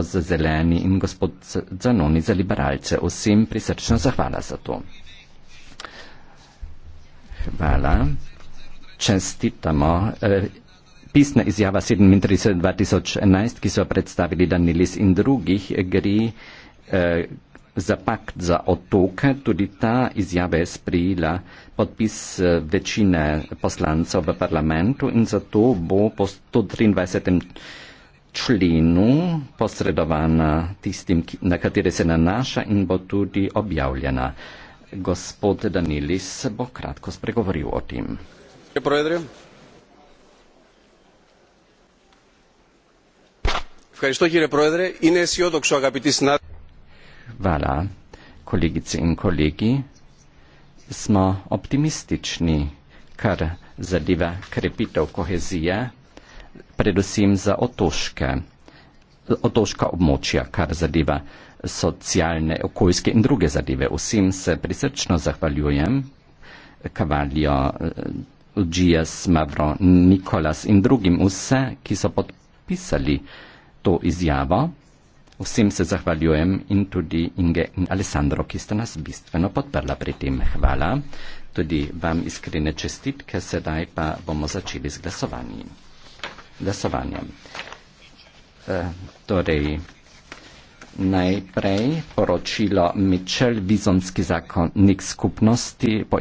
gospod za zeleni in gospod Zanoni za liberalce. Vsem prisrčno zahvala za to. Hvala. Čestitamo. Eh, pisna izjava 37.2011, ki so predstavili Danilis in drugih, gre eh, za pakt za otoke. Tudi ta izjava je sprijela podpis eh, večine poslancev v parlamentu in zato bo po 123 členu posredovana tistim, na katere se nanaša in bo tudi objavljena. Gospod Danilis bo kratko spregovoril o tem. Ja, Hvala, kolegice in kolegi. Smo optimistični, kar zadeva krepitev kohezije predvsem za otoške, otoška območja, kar zadeva socialne, okoljske in druge zadeve. Vsem se prisrčno zahvaljujem, Kavaljo, Džijas, eh, Mavro, Nikolas in drugim vse, ki so podpisali to izjavo. Vsem se zahvaljujem in tudi Inge in Alessandro, ki ste nas bistveno podprla pri tem. Hvala. Tudi vam iskrene čestitke, sedaj pa bomo začeli z glasovanjem glasovanjem. E, torej, najprej poročilo Mičel, vizonski zakonnik skupnosti.